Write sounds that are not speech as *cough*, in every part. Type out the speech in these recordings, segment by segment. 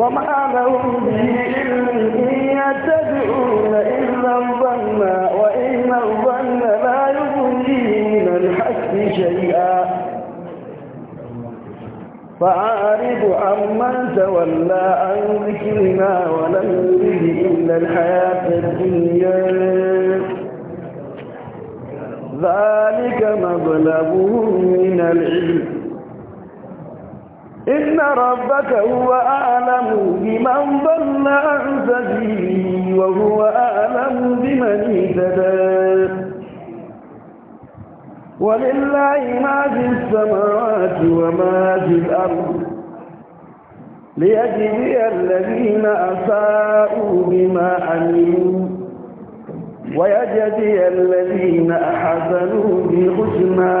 وما لهم به علم إن يتبعون إلا الظن وإن الظن لا يغني من الحق شيئا فأعرض عمن تولى عن ذكرنا ولم يرد إلا الحياة الدنيا ذلك مظلمهم من العلم إن ربك هو أعلم بمن ضل عن سبيله وهو أعلم بمن اهتدى ولله ما في السماوات وما في الأرض ليجزي الذين أساءوا بما عملوا ويجزي الذين أحسنوا بالحسنى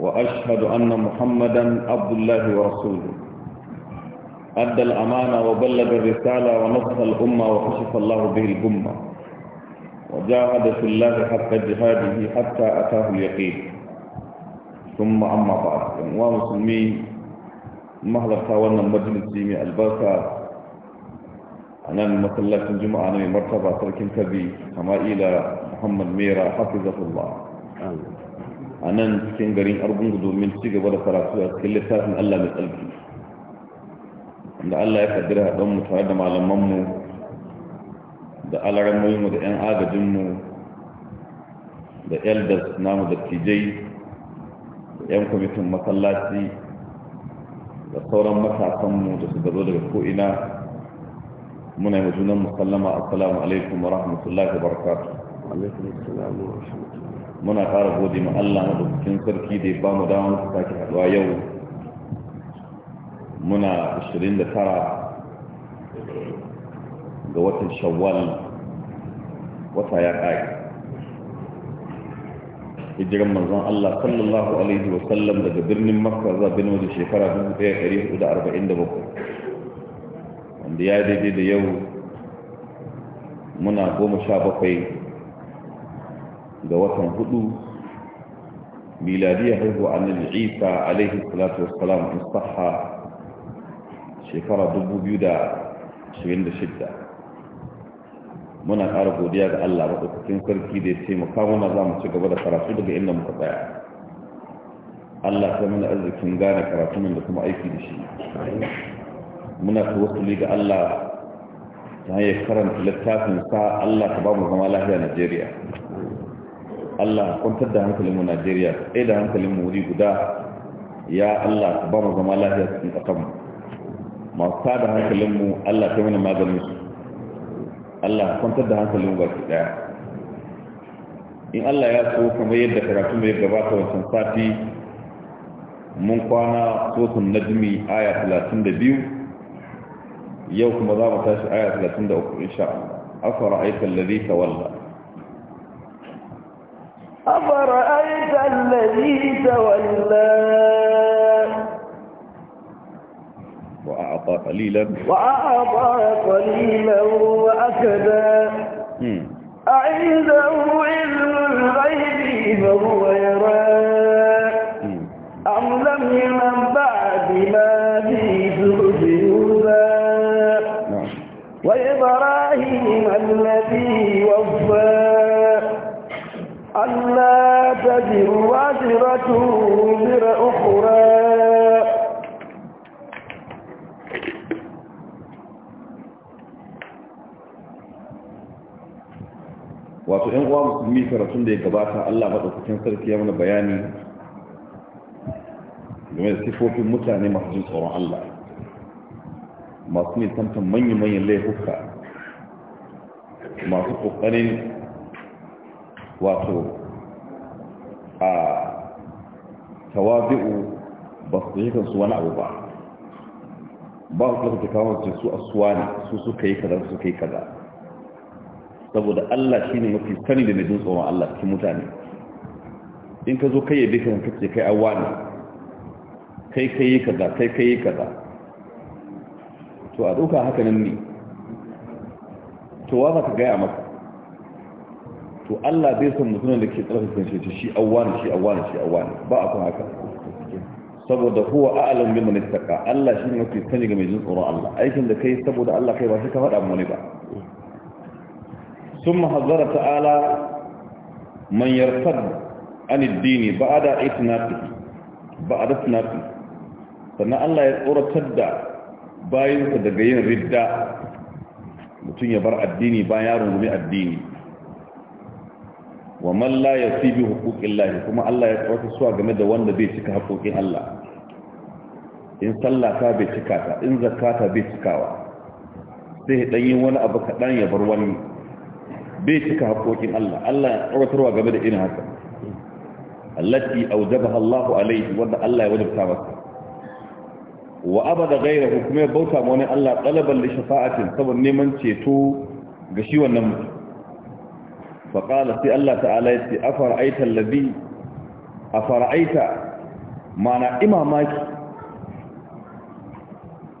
وأشهد أن محمدا عبد الله ورسوله أدى الأمانة وبلغ الرسالة ونصح الأمة وكشف الله به الأمة وجاهد في الله حق جهاده حتى أتاه اليقين ثم أما بعد ومسلمين مهلا تاولنا مجلس جميع البركة أنا المثلث الجمعة أنا مرتبة تركن كبي كما إلى محمد ميرا حفظه الله آمين. anan cikin garin argungu domin ci gaba da karatu a cikin littafin allah mai tsarki da allah ya kaddara haɗonmu tare da malamanmu da alaramoyinmu da 'yan agajinmu da elders namu da TJ da 'yan kwamitin masallaci da sauran matasanmu da su gaba daga ko'ina muna yi majunan musallama assalamu alaikum wa rahmatullahi wa barakatuh alaikum assalamu wa rahmatullahi muna ƙara gode ma Allah madaukakin sarki da ya ba mu damar su sake haɗuwa yau muna 29 ga watan shawwal wata ya ƙari hijiran manzon Allah sallallahu alaihi wa sallam daga birnin Makka zuwa bin wajen shekara 1447 wanda ya daidai da yau muna goma sha bakwai ga watan hudu miladiyar haihu annabi isa alaihi salatu wassalam in sahha shekara 2026 muna ƙara godiya ga Allah maɗaukakin sarki da ya taimaka mana za mu ci gaba da karatu daga inda muka tsaya Allah ta mana arzikin gane karatu da kuma aiki da shi muna tawassuli ga Allah ta hanyar karanta littafin sa Allah ta ba mu zama lahiya Najeriya Allah kwantar da hankalin mu Najeriya ɗaya da hankalin mu wuri guda ya Allah ka ba mu zama lafiya cikin ƙasar mu masu tada hankalin mu Allah ta mana maganin su Allah kwantar da hankalinmu mu baki ɗaya in Allah ya so kamar yadda karatu mai gabata wancan sati mun kwana sosun najmi aya 32 yau kuma za mu tashi aya 33 insha Allah afara aika alladhi tawalla أفرأيت الذي تولى وأعطى قليلا وأعطى قليلا وأكدا أعنده علم الغيب فهو يرى أم لم يرى تزر وازرة وزر أخرى wato ‘yan uwa musulmi karatun da ya gabata Allah maɗaukakin sarki ya mana bayani game da sifofin mutane masu jin tsoron Allah masu nisantar manya-manyan laifuka masu ƙoƙarin wato a tawabi'u ba su yi kansu wani abu ba ba su kuma ta kawo ce su asuwa ne su suka yi kaza suka yi kaza saboda Allah shi ne mafi sani da najin tsoron Allah cikin mutane in ka zo kai ya yabe kan kace kai awa ne kai kai yi kaza kai kai yi kaza to a dauka haka nan ne to wa za ka gaya maka to Allah bai san mutumin da ke tsarkake kanshi shi awwani shi awwani shi awwani ba a kan haka saboda huwa a'lam bi man ittaqa Allah shi ne mafi sani ga mai jin tsoron Allah aikin da kai saboda Allah kai ba shi ka faɗa mu ba ثم حذر ta'ala من يرتد عن الدين بعد اتناقه بعد اتناقه sannan Allah ya tsoratar da bayansa daga yin ridda mutum ya bar addini bayan ya rungumi addini wa man la yasibi huquqillahi kuma Allah ya tsawata suwa game da wanda bai cika haƙoƙin Allah in sallah bai cika ta in zakata bai cikawa sai dan yin wani abu kaɗan ya bar wani bai cika haƙoƙin Allah Allah ya tsawatarwa game da irin haka allati awjabaha Allahu alayhi wanda Allah ya wajabta masa wa abada ghayrahu kuma ya bauta ma wani Allah talaban li shafa'atin saboda neman ceto ga shi wannan mutum faƙala sai Allah ta'ala ya ce a fara'aita labi a fara'aita mana imamaki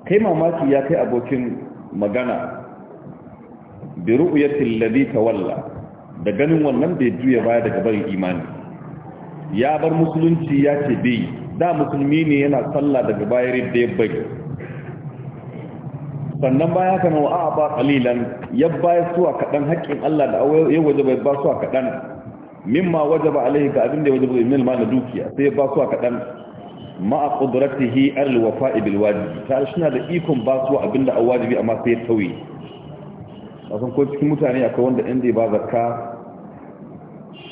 kai mamaki ya kai abokin magana bi ru'yatil ta walla, da ganin wannan bai juya baya daga barin imani ya bar musulunci ya ce bai da musulmi ne yana sallah daga bayar da ya bai sannan baya ka nan wa'a ba qalilan ya baya suwa kaɗan haƙƙin Allah da ya wajaba bai ba suwa kadan mimma wajaba alaihi ka abin da wajaba bai ma na dukiya sai ya ba suwa kaɗan ma qudratihi al wafa'i bil wajibi ta shi da ikon ba suwa abin da wajibi amma sai ya tauye kasan ko cikin mutane akwai wanda in zai ba zakka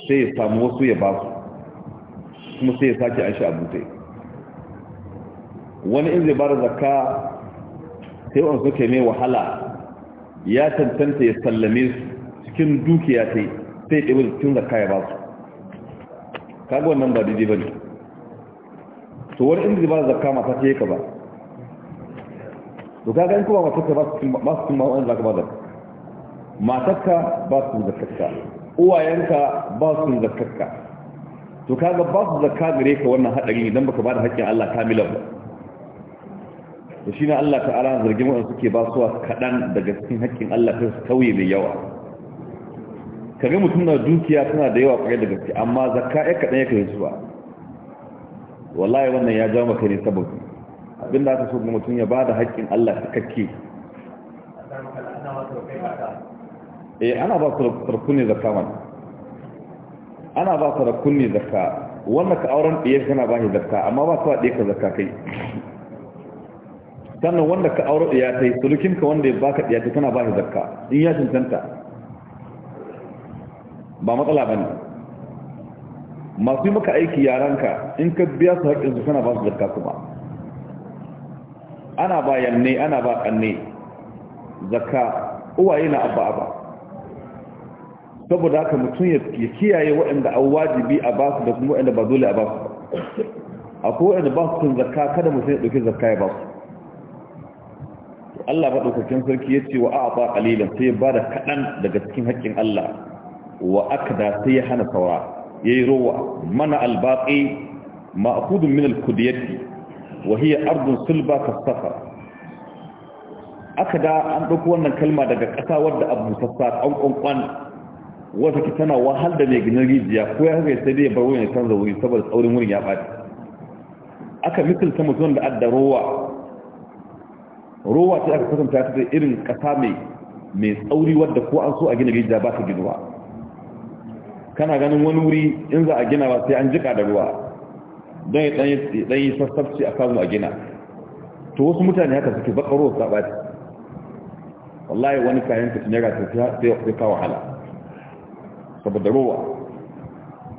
sai ya samu wasu ya ba su kuma sai ya sake an shi abutai wani in zai ba da zakka sai wani suke mai wahala ya tantanta ya sallame su cikin dukiya ta yi sai ɗaya cikin zarka ya ba su kaga wannan ba daidai ba ne to wani inda ba zarka mata ce ka ba to kaga in kuma matakka ba su cin ma'aunin zarka ba zakka matakka ba su zakkarka uwayenka ba su zakkarka to kaga ba su zarka gare ka wannan haɗari idan baka ba da haƙƙin Allah kamilan ba da shi ne Allah ta'ala zargin waɗanda suke ba suwa kaɗan daga cikin haƙƙin Allah ta su kauye mai yawa kaga mutum na dukiya tana da yawa kwaye da gaske amma zakka ya kaɗan ya kai suwa wallahi wannan ya ja maka ne saboda abin abinda aka so ga mutum ya ba da haƙƙin Allah ta cikakke eh ana ba sarku ne zakka mana ana ba sarku ne zakka wannan ka auren ɗiyar kana ba shi zakka amma ba su ɗaya ka zakka kai sannan wanda ka auro ya tai sulukin ka wanda ya baka ya tai kana bashi zakka in ya cancanta ba matsala ba ne masu yi maka aiki yaranka in ka biya su haƙƙin su kana ba su zakka kuma ana ba yanne ana ba kanne zakka uwaye na abba abba saboda haka mutum ya kiyaye waɗanda an wajibi a basu da kuma waɗanda ba dole a ba akwai waɗanda ba su zakka kada mutum ya ɗauki zakka ya basu Allah maɗaukakin sarki ya ce wa a ba ƙalilan sai ya ba da kaɗan daga cikin haƙƙin Allah wa aka da sai ya hana ya yi rowa mana albaƙi ma'akudun min alkudiyarki wa hiya ardun sulba ka safa aka da an ɗauki wannan kalma daga ƙasa wadda abu sassa ƙwanƙwan wata ki tana wahal da mai ginin rijiya ko ya haka sai dai ya bar wurin canza wuri saboda tsaurin wurin ya ɓaci aka misalta mutum da adda rowa ruwa ta aka kasance ta da irin ƙasa mai mai tsauri wadda ko an so a gina rijiya ba ta ginuwa kana ganin wani wuri in za a gina ba sai an jika da ruwa don ya ɗan yi sassafci a samu a gina to wasu mutane haka suke bakar ruwa saɓati wallahi wani kayan ka tunyara sai ka wahala saboda ruwa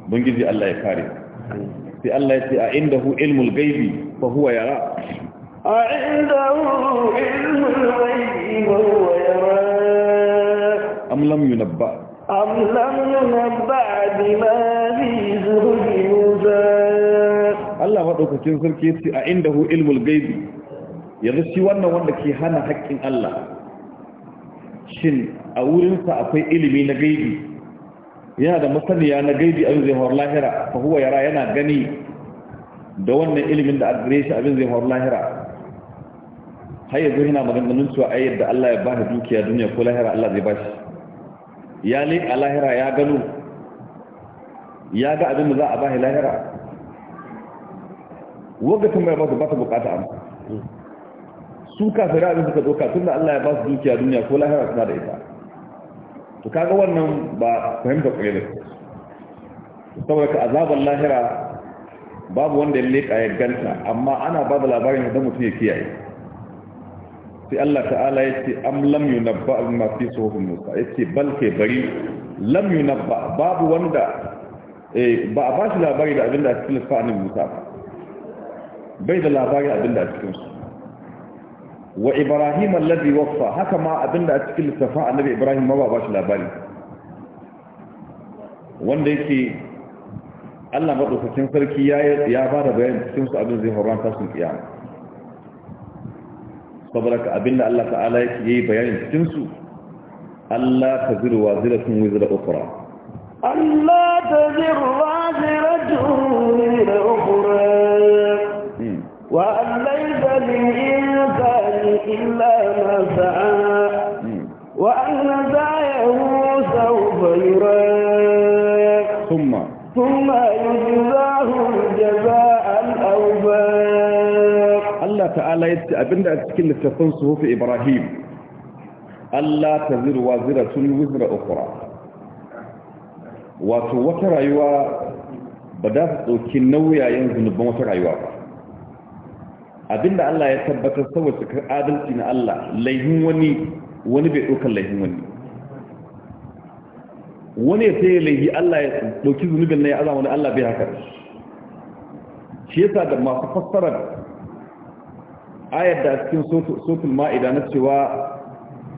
don gizi Allah ya kare sai Allah ya ce a inda hu ilmul gaibi fa huwa yara أعنده علم الغيب أم لم ينبأ أم لم ينبأ بما في زهد الله maɗaukacin sarki ce a inda hu ilmul gaibi yanzu shi wannan wanda ke hana haƙƙin Allah shin a wurinsa akwai ilimi na gaibi yana da masaniya na gaibi abin zai hawar lahira fa huwa yara yana gani da wannan ilimin da a gare shi abin zai hawar lahira har yanzu yana maganganun cewa ayyar yadda Allah ya bada dukiya duniya ko lahira Allah zai bashi ya ne a lahira ya gano ya ga abin da za a bashi lahira wanda tun bai ba su ba ta bukata amma su kafin abin suka doka tun da Allah ya ba su dukiya duniya ko lahira suna da ita to kaga wannan ba fahimta kwaye da saboda ka azabar lahira babu wanda ya leka ya ganta amma ana ba da labarin da mutum ya kiyaye sai Allah ta'ala ya ce am lam yunabba bima fi suhuf Musa yace bal kai bari lam yunabba babu wanda eh ba a bashi labari da abinda a cikin fa'anin Musa bai da labari abinda a cikin su wa Ibrahim alladhi waffa haka ma abinda a cikin lissafa annabi Ibrahim ma ba bashi labari wanda yake Allah madaukakin sarki ya ya ba da bayani cikin su abin zai horanta sun kiyama saboda ka abinda Allah ta'ala yake yi bayanin cikin su Allah ta ziru wa zira sun da ukura Allah ta ziru wa zira tun da ukura hmm. wa Allah ta zirin insani illa ma sa'a hmm. wa an za ya hu sau bayurai ta'ala yace abinda a cikin littafin suhufi Ibrahim Allah ta zira waziratun wizra ukhra wato wata rayuwa ba za su ɗauki nauyayen zunuban wata rayuwa ba abinda Allah ya tabbatar saboda cikar adalci na Allah laihin wani wani bai ɗaukar laihin wani wani ya sai laihi Allah ya dauki zunubin na ya azama wani Allah bai haka shi yasa da masu fassara ayar da a cikin sotul ma'ida na cewa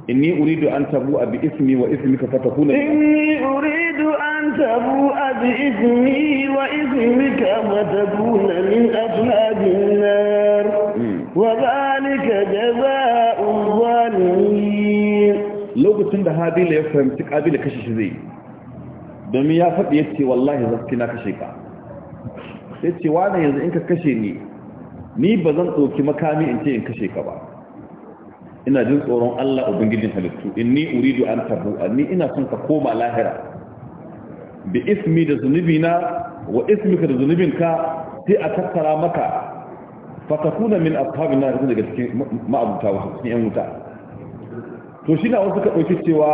inni uridu an tabu abi ismi wa ismika fatakuna inni uridu an tabu abi ismi wa ismika fatakuna min ashabin nar hmm. wa zalika jazaa'ul zalimin lokacin da habila ya fahimci kabila kashe shi zai domin ya faɗi ya ce, wallahi zaskina kashe ka sai ce wani yanzu in ka kashe ni ni ba zan ɗauki makami in ce in kashe ka ba ina jin tsoron Allah ubangijin halittu inni uridu an tabu ni ina son ka koma lahira bi ismi da zunubina wa ismika da zunubinka sai a tattara maka fatakuna min ashabin nar daga cikin ma'abuta wasu cikin yan wuta to shi na wasu ka ɗauki cewa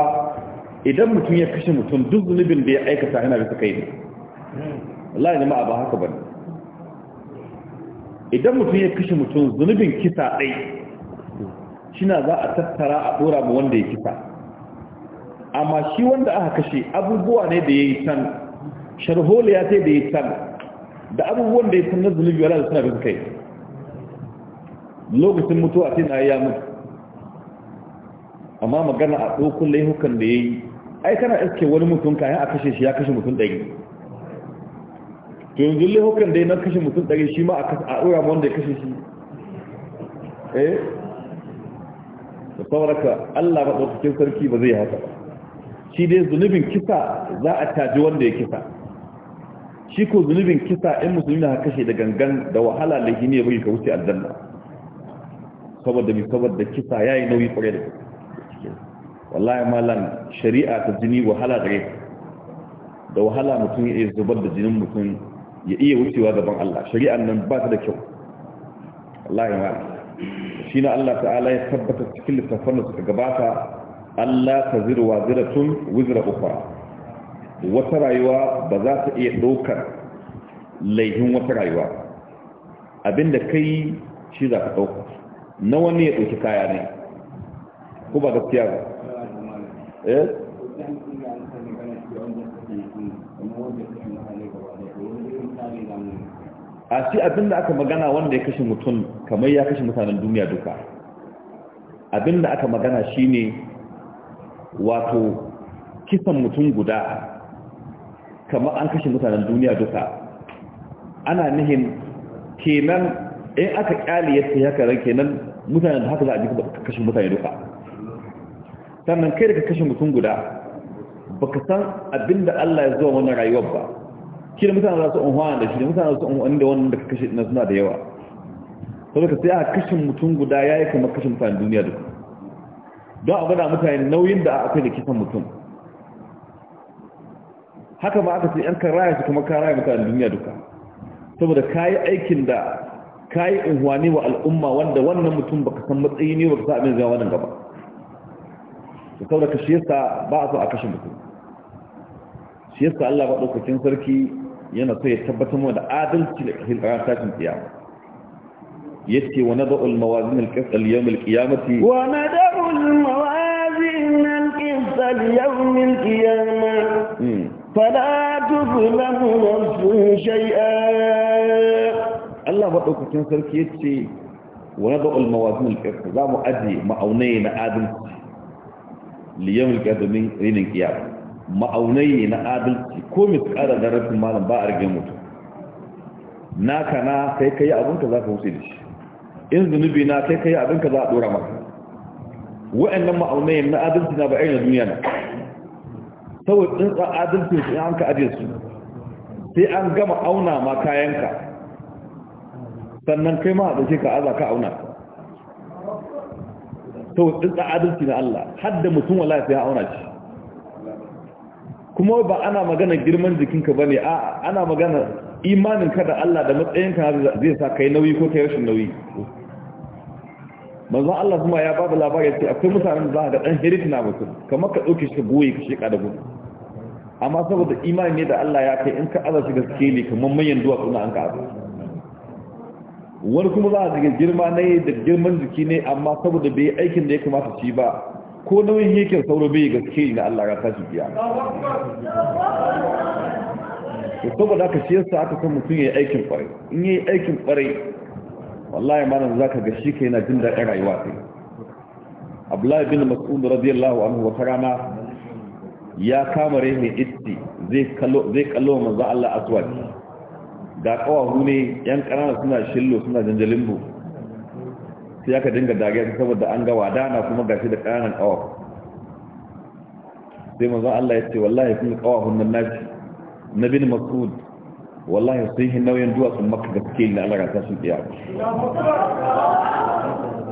idan mutum ya kashe mutum duk zunubin da ya aikata yana bisa kai ne ya ne a ba haka bane idan mutum ya kashe mutum zunubin kisa ɗai shina za a tattara a ɗora ma wanda ya kisa amma shi wanda aka kashe abubuwa ne da ya yi can sharholi ya ce da ya yi can da abubuwan da ya san na zunubi wala da suna bin kai lokacin mutuwa sai na ya mutu amma magana a ɗokun laihukan da ya yi ai kana iske wani mutum kayan a kashe shi ya kashe mutum ɗari to yanzu laifukan da nan kashe mutum ɗari shi ma a ɗora wanda ya kashe shi eh da sauraka Allah ba ɗaukakin sarki ba zai haka ba shi dai zunubin kisa za a taji wanda ya kisa shi ko zunubin kisa in musulmi na kashe da gangan da wahala da gini ya bai ka wuce aljanna saboda mai saboda kisa ya yi nauyi kwarai da wallahi malam shari'a ta jini wahala da rai da wahala mutum ya zubar da jinin mutum ya iya wucewa gaban Allah shari'an nan ba ta da kyau Allah ya mara shi na Allah ta'ala ya tabbata cikin littafin da suka gabata Allah ta zira wa zira tun wuzira ukwa wata rayuwa ba za ta iya ɗaukar laihin wata rayuwa abinda kai shi za ka ɗauka na wani ya ɗauki kaya ne ko ba gaskiya ba eh? a shi abinda aka magana wanda ya kashe mutum kamar ya kashe mutanen duniya duka abinda aka magana shine wato kisan mutum guda kamar an kashe mutanen duniya duka ana nihin kenan in aka kyali ya ce haka ran kenan mutanen da haka za a ji kashe mutane duka sannan kai da ka kashe mutum guda baka san abinda Allah ya zuwa wannan rayuwar ba shi da mutane za su unhuwa da shi da mutane za su unhuwa da wannan da ka kashe na suna da yawa sau ka sai a kashin mutum guda ya yi kamar kashin mutane duniya duka don a gada mutane nauyin da aka da kisan mutum haka ba aka ce yan kan raya su kuma ka raya mutane duniya duka saboda ka yi aikin da ka yi unhuwa ne wa al'umma wanda wannan mutum baka san matsayi ne baka sa abin zama wannan gaba saboda ka shi yasa ba a so a kashe mutum shi yasa Allah ba ɗaukakin sarki yana so ya tabbatar mu da adalci da tashin kiyama yace wa nad'u al-mawazin al-qist al-yawm al-qiyamati wa nad'u al-mawazin al-qist al-yawm al-qiyamah fala tuzlamu nafsun shay'a Allah madaukakin sarki yace wa nad'u al-mawazin al-qist za mu aje ma'aunai na adalci liyawm al-qiyamah rinin kiyama ma'aunai ne na adalci ko miskara da rafin malam ba a rage mutum naka na kai kai abinka za ka wuce da shi in zunubi na kai kai abinka za a dora maka wa'annan ma'aunai na adalci na ba irin duniya na saboda tsantsan adalci su an ka ajiye su sai an gama auna ma kayanka sannan kai ma a ɗauke ka aza ka auna saboda tsantsan adalci na Allah hadda mutum wala sai ya auna shi kuma ba ana magana girman jikinka ba ne ana magana imaninka da Allah da matsayinka zai sa kai nauyi ko kai rashin nauyi manzo Allah kuma ya babu labari ce akwai mutanen da za ka dan hirit na mutum kamar ka dauke shi goyi ka sheka da gudu amma saboda imani ne da Allah ya kai in ka aza gaske ne kamar manyan duwa kuma an ka aza wani kuma za a ga girma ne da girman jiki ne amma saboda bai aikin da ya kamata shi ba ko nauyin yake sauro bai gaske na Allah ya tashi biya to saboda ka ce yasa aka san mutum yayi aikin kwarai in yayi aikin kwarai wallahi malam zaka ga shi kai yana jin daɗin rayuwa sai Abdullah bin Mas'ud radiyallahu anhu wa karama ya kama rehin itti zai kallo zai kallo manzo Allah aswaji ga kawahu ne yan kanana suna shillo suna janjalimbu sai aka dinga dage saboda an ga na kuma gashi da ƙananan ƙawa sai manzon Allah ya ce wallahi kun ƙawa hunnan nashi na bin masud wallahi sun yi nauyin sun maka gaske ne Allah ta sun iya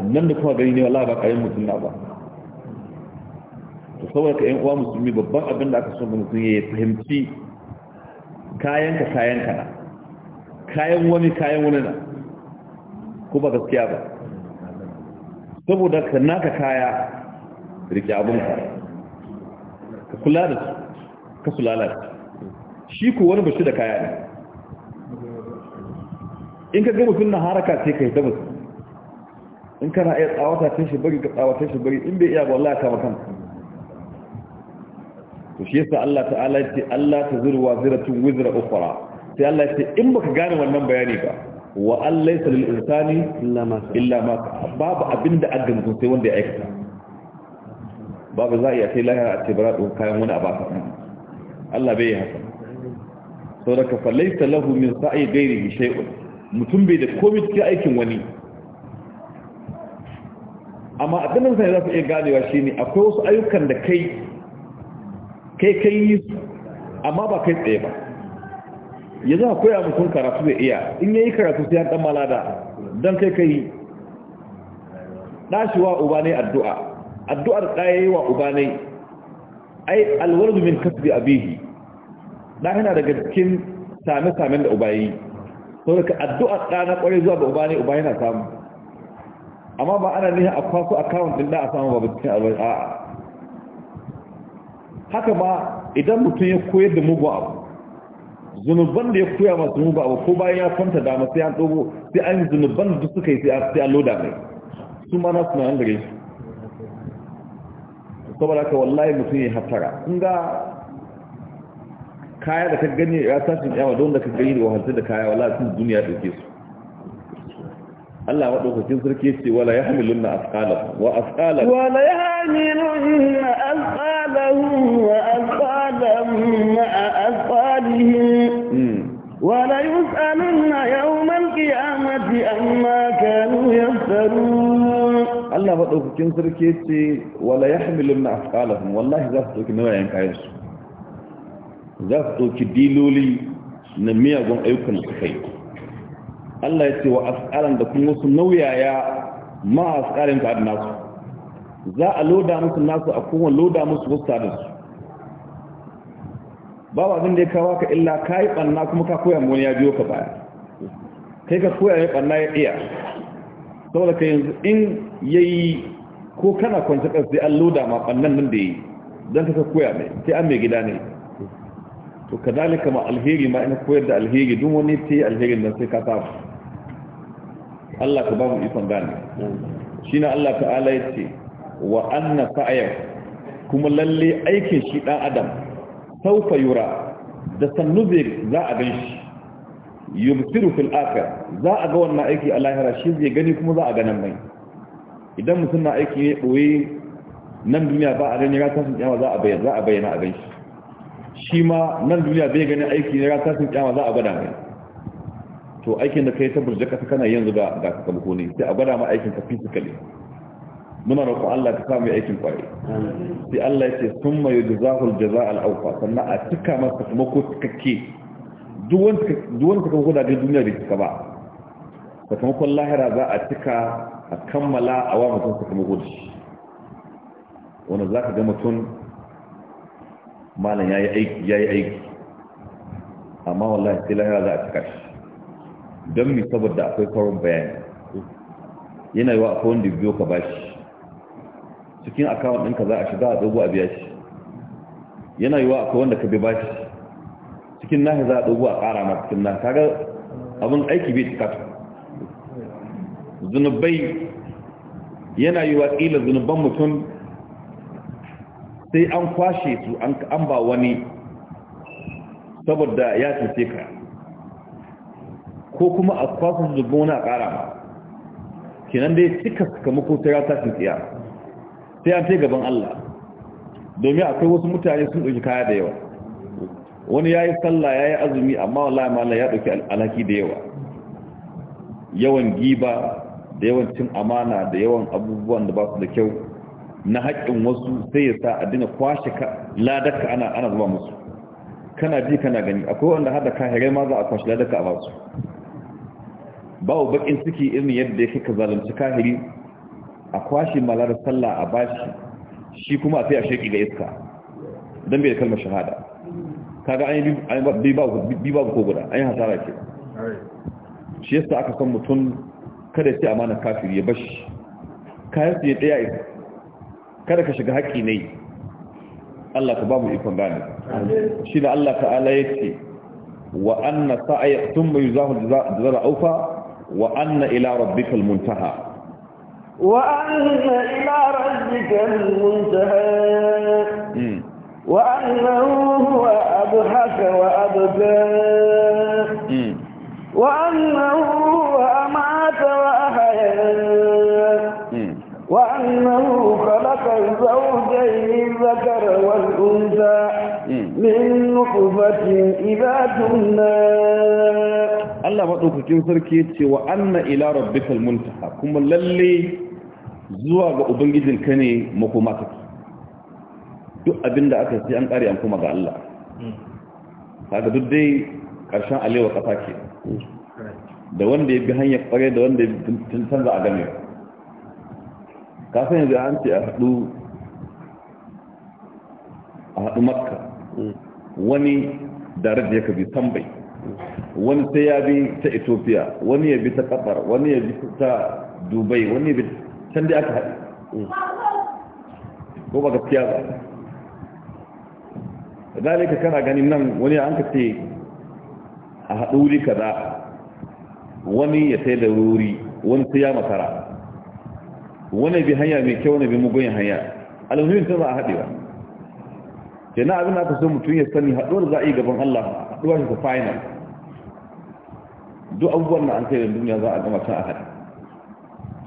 nan da kuma gani ne wallahi ba ƙarin mutum na ba to saboda ka ƴan uwa musulmi babban abin da aka so ga mutum ya fahimci kayanka kayanka na kayan wani kayan wani na ko ba gaskiya ba saboda ka naka kaya rike abinka ka kula da su ka su lalata shi ko wani bashi da kaya ne in ka ga mutum na haraka sai ka yi dabas in kana iya tsawata ta shi bari ka tsawata shi bari in bai iya ba Allah ya kama kan. to shi yasa Allah ta'ala ya ce Allah ta zurwa tun wizra ukhra sai Allah ya ce in baka gane wannan bayani ba wa an laysa lil insani illa ma babu abinda agan sun sai wanda ya aikata babu za a iya kai lahira a ce bara kayan wani a baka Allah bai yi haka sau da kafa laisa lahu min sa'i gairi shay'un mutum bai da komai cikin aikin wani amma abinda sai za su iya ganewa shine akwai wasu ayyukan da kai kai kai yi amma ba kai tsaye ba yanzu a koya mutum karatu zai iya in yayi karatu sai ya dan malada dan kai kai wa uba ne addu'a addu'ar da yayi wa uba ne ai alwaldu min kasbi abihi da yana daga cikin same samen da uba yi saboda addu'ar da na kware zuwa ga uba ne uba yana samu amma ba ana nihin a kwaso account din da a samu ba cikin alwaldu a'a haka ba idan mutum ya koyar da mugun abu zunuban da ya koya masu mu ba ko bayan ya kwanta dama sai an dogo sai an yi zunuban da duk suka yi sai an loda mai su ma na suna an gare su saboda ka wallahi mutum ya hatara kun ga kaya da ka gani ya tashin yawa don da ka gani da wahalta da kaya wala sun duniya dauke su Allah wa dokokin sarki ce wala ya yahmilunna asqalahu wa asqalahu wala yahmilunna asqalahu wa asqalahu ma asqalahu وجهه وليسألن يوم القيامة أما كانوا يفترون الله فأوك كنسر كيتي ولا يحمل من أفقالهم والله زفتوك نوعين كايس زفتوك ديلولي نمية قوم أيوكنا كفاي الله يتي وأثقالن دكم وصل نويا يا ما أثقالن كعد ناسو za a loda musu nasu a kowane loda musu wasu tare ba abin da ya kawo ka illa ka yi ɓanna kuma ka koya wani ya biyo ka baya kai ka koya mai ɓanna ya iya saboda ka yanzu in ya yi ko kana kwanci ƙar sai an loda ma ɓannan nan da ya yi don ka koya mai sai an mai gida ne to ka dalika kama alheri ma ina koyar da alheri don wani ta yi alherin nan sai ka samu Allah ka ba mu ikon gane shi na Allah ta'ala ya ce wa anna sa'ayar kuma lalle aikin shi ɗan adam saufa yura da sannu za a gan shi yubsiru fil akhir za a ga wannan aiki a lahira shi zai gani kuma za a ganin mai idan mutum na aiki ne ɓoye nan duniya ba a gani ratashin kyama za a bayyana za a bayyana a gan shi Shi ma nan duniya bai gani aiki ne ratashin kyama za a gwada mai to aikin da kai ta burjaka kana yanzu ga ga sakamako ne sai a gwada ma aikin ka physically muna roƙo Allah ka samu aikin kwarai sai Allah ya ce summa yujzahul jazaa al-awfa sannan a tuka masa kuma ko tukakke duk wanda duk wanda ka guda da duniya bai tuka ba sakamakon lahira za a tuka a kammala a wa mutum sakamakon shi wanda ka ga mutum malam ya yi aiki amma wallahi sai lahira za a tuka shi don mi saboda akwai karon bayani yana yi wa akwai wanda biyo ka bashi cikin akawun ɗinka za a shiga a ɗogo a biya shi yana yiwa akwai wanda ka bi ba shi cikin nahi za a ɗogo a ƙara ma cikin nahi kaga abin aiki bai cika zunubai yana yiwa ƙila zunuban mutum sai an kwashe su an ba wani saboda ya cuce ka ko kuma a kwasa zunuban wani a ƙara ma kenan dai cika sakamako ta ya tashin cuciya sai an ce gaban Allah domin akwai wasu mutane sun ɗauki kaya da yawa wani ya yi sallah ya yi azumi amma wallahi malam ya ɗauki alhaki da yawa yawan giba da yawan cin amana da yawan abubuwan da ba su da kyau na haƙƙin wasu sai ya sa a dina kwashe ladaka ana ana zuba musu kana ji kana gani akwai wanda hada kahirai ma za a kwashe ladaka a basu babu bakin ciki irin yadda ya kika zalunci kahiri a kwashe malar sallah a bashi shi kuma a sai a sheki ga iska don bai da kalmar shahada kaga an yi babu ko guda an yi hasara ke shi yasa aka san mutum kada sai amana kafiri ya bashi kayan su ya tsaya isa kada ka shiga haƙƙi ne Allah ka ba mu ikon gane shi da Allah ta'ala ya ce wa anna sa'aya thumma yuzahu jazaa aufa wa anna ila rabbikal kalmuntaha. وأن إلى ربك المنتهى وأنه هو أضحك وأبكى وأنه هو أمات وأحيا وأنه خلق الزوجين الذكر والأنثى من نطفة إذا تمنى Allah maɗaukakin sarki ya ce wa anna ila rabbikal muntaha kuma lalle zuwa ga ubangijin ka ne makoma duk abinda aka sai an kare an kuma ga Allah kaga duk dai ƙarshen alewa ƙasa ke da wanda ya bi hanyar ƙware da wanda ya za a game ka san yanzu an ce a haɗu a haɗu makka mm. wani da ya ka bi tambayi wani sai ya bi ta ethiopia wani ya bi ta qatar wani ya bi ta dubai wani ya bi can dai aka haɗe ko ba gaskiya ba zalika kana ganin nan wani an ka ce a haɗu wuri kaza wani ya sai da wuri wani sai ya makara wani bi hanya mai kyau wani bi mugun hanya alhamdulillah ta ba a haɗe ba ke na abin da aka so mutum ya sani haɗuwar za a yi gaban Allah haɗuwar shi ta final duk abubuwan da an kai da duniya za a gama can a haɗa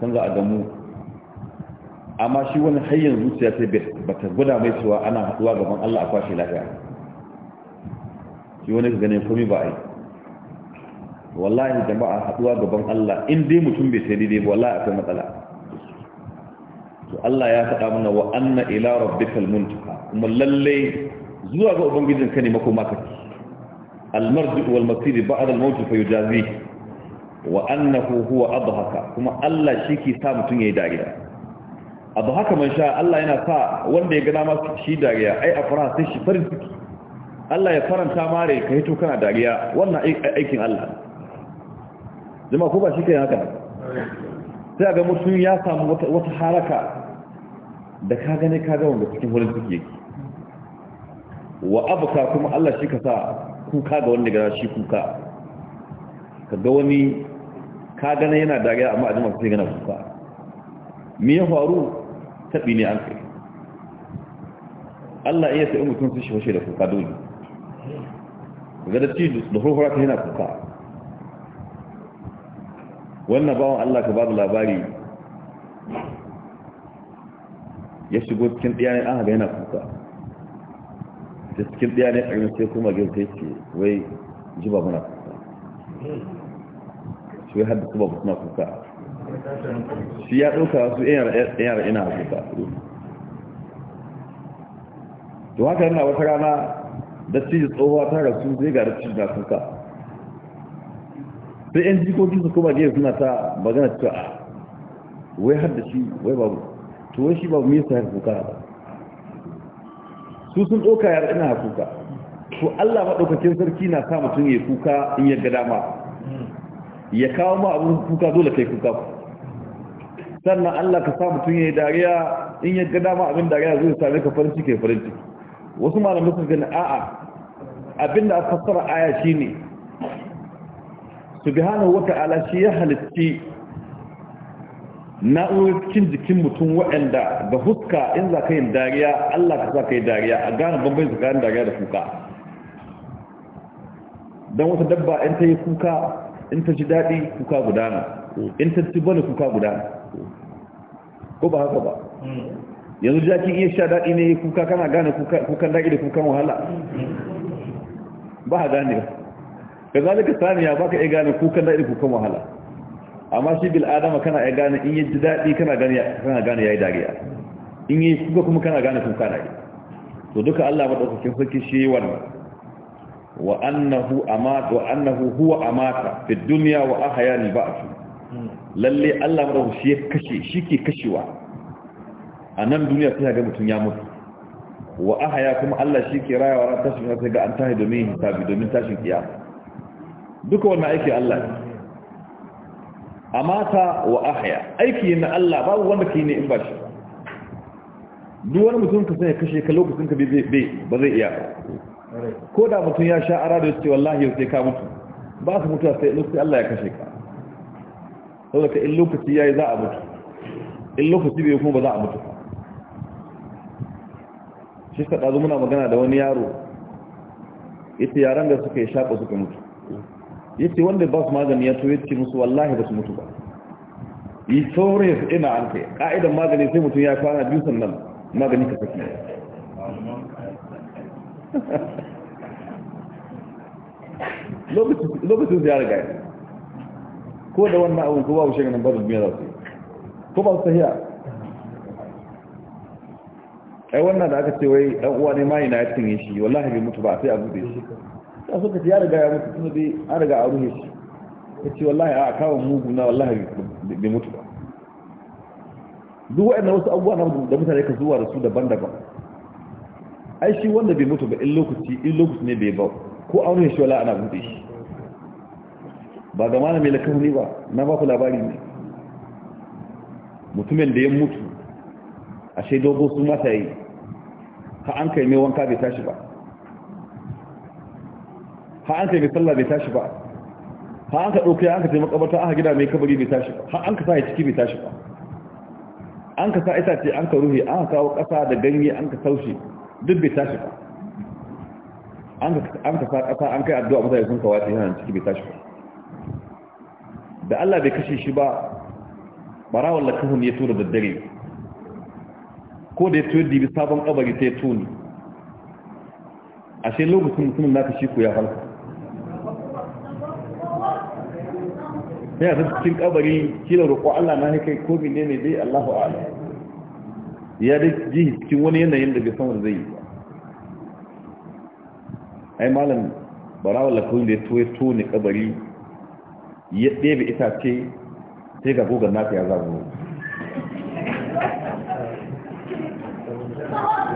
can za a gamu amma shi wani hanyar zuciya sai ba ta gwada mai cewa ana haɗuwa gaban Allah a kwashe lafiya shi wani ganin komi ba a yi wallahi jama'a haɗuwa gaban Allah in dai mutum bai sai daidai ba wallahi akwai matsala to Allah ya faɗa mana wa anna ila rabbikal muntaka kuma lalle zuwa ga ubangijin ka ne makoma kake المرجع والمصير بعد الموت فيجازيه وأنه هو أضحك كما الله شيكي سامتون يداريا أضحك من شاء الله ينا ساء وان دي قدام شي داريا أي أفرها سيشي فرنسك الله يفرن ساماري كهيتو كان داريا وانا أيكين الله جماعة كوبا شيكي هكذا سيأغا مسلم ياسام وتحركة da ka gane ka ga wanda cikin wurin suke yake wa abuka kuma Allah shi ka sa kuka ga wanda gara shi kuka ka ga wani ka gana yana dariya amma a jima sai gana kuka me ya faru taɓi ne an kai Allah iya sai mutum su shi da kuka dole ga da ci da hulhura ka yana kuka wannan bawan Allah ka ba da labari ya shigo cikin ɗiyanin an haga yana kuka da cikin ɗaya ne yi sai kuma gina sai ce wai ji ba muna kuka shi wai haddasa ba suna kuka shi ya ɗauka su yara ina kuka to haka yana wata rana da cikin tsohuwa ta rasu zai ga da cikin kuka sai yan jikokin su kuma gina suna ta magana cewa ah, wai haddashi wai babu to wai shi babu yi yasa kuka ba su sun ɗauka yara ina kuka to Allah maɗaukacin sarki na sa mutum ya kuka in ya ga dama ya kawo ma abin kuka dole kai kuka sannan Allah ka sa mutum ya yi dariya in ya ga dama abin dariya zai same ka farin ciki farin ciki wasu malamai sun gani a'a abin da fassara aya shine subhanahu wata'ala shi ya halitti na'urar cikin jikin mutum waɗanda ga fuska, in za ka yi dariya allah ka za ka yi dariya a gane bambayin kayan dariya da kuka don wata dabba in ta yi kuka in ta ji daɗi kuka gudana in ta ci bane kuka gudana ko ba haka ba yanzu jaki iya sha daɗi ne kuka kana gane kukan daɗi da kukan wahala ba ha gane ka zalika saniya ba ka iya gane kukan daɗi da kukan wahala amma shi bil kana ya gane in yi daɗi kana gane ya yi dariya in yi kuka kuma kana gane kuka na yi to duka allah maɗaukakin sarki shi yi wannan wa annahu amata wa annahu huwa amata fi duniya wa ahaya lil su. lalle allah maɗaukakin shi kashe shi ke kashewa a nan duniya sai ga mutum ya mutu wa ahaya kuma allah shi ke rayawa ran tashin sai ga an tahi domin hisabi domin tashin kiyama duka wannan aiki allah ne amata wa ahya aiki na Allah babu wanda ke ne in ba shi duk wani mutum ka sanya kashe ka lokacin ka bai ba zai iya ko da mutum ya sha ara da yace wallahi yau sai ka mutu ba ka mutu sai lokacin Allah ya kashe ka saboda ka in lokaci yayi za a mutu in lokaci bai kuma ba za a mutu shi ka dazu muna magana da wani yaro yace yaran da suka yi shaƙa suka mutu ya wanda ba su magani ya to ya musu wallahi ba su mutu ba yi saurin ya fi ina an kai ƙa'idan magani sai mutum ya kwana biyu sannan magani ka saki lokacin su ya riga ko da wannan abin ko babu shaganin ba da duniya za su yi ko ba su tafiya ai wannan da aka ce wai ɗan uwa ne ma yana ya cinye shi wallahi bai mutu ba sai a buɗe shi ya suka ya riga ya mutu tunda dai an riga a ruhe shi ya ce wallahi a kawon mugu na wallahi bai mutu ba duk waɗanda wasu abubuwa na da mutane ka zuwa da su daban-daban ai shi wanda bai mutu ba in lokaci in lokaci ne bai ba ko an ruhe shi wala ana buɗe shi ba ga mana mai lakahu ne ba na ba ku labari ne mutumin da ya mutu ashe shaidogo su mata yi ka an kai mai wanka bai tashi ba ha an kai mai sallah bai tashi ba ha an ka ɗauke an ka taimaka makabarta aka gida mai kabari bai tashi ba ha an ka sa ya ciki bai tashi ba an ka sa ita ce an ka ruhi an kawo ƙasa da ganye an ka saushe duk bai tashi ba an ka sa ƙasa an kai addu'a mutane sun kawace yana ciki bai tashi ba da Allah bai kashe shi ba walla lakahun ya tura daddare ko da ya tuyo dibi sabon kabari sai tuni ashe lokacin mutumin na ka shi ku ya halka yana san cikin kabari kila roƙo Allah na kai ko ne ne dai Allahu a'ala ya dai ji cikin wani yanayin da bai san wanda zai yi ba ai malam barawa lakon da ya toye tone kabari ya ɗebe itace sai ga gogon nasa ya zago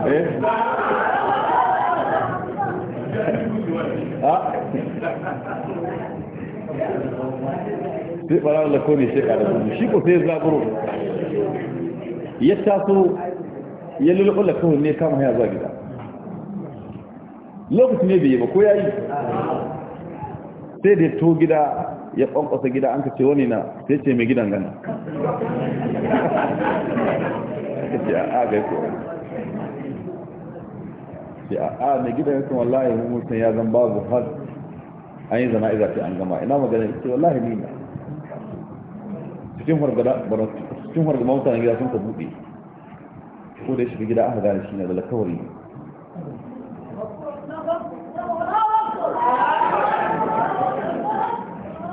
eh sai ɓarar da kone shekar da gudu shi ko sai zaburo ya taso ya lulluɓar da kone ne kama haya zuwa gida lokaci ne bai yi ba ko ya yi sai da to gida ya kwankwasa gida an ka wani na sai ce mai gidan gana ce a a mai gidan yakan wallahi mutum ya zan babu har an yi zana izafi an gama ina magana ce wallahi nina cikin hargama mutanen gida sun ka buɗe ko da ya shiga gida aka gane shi ne da lakawari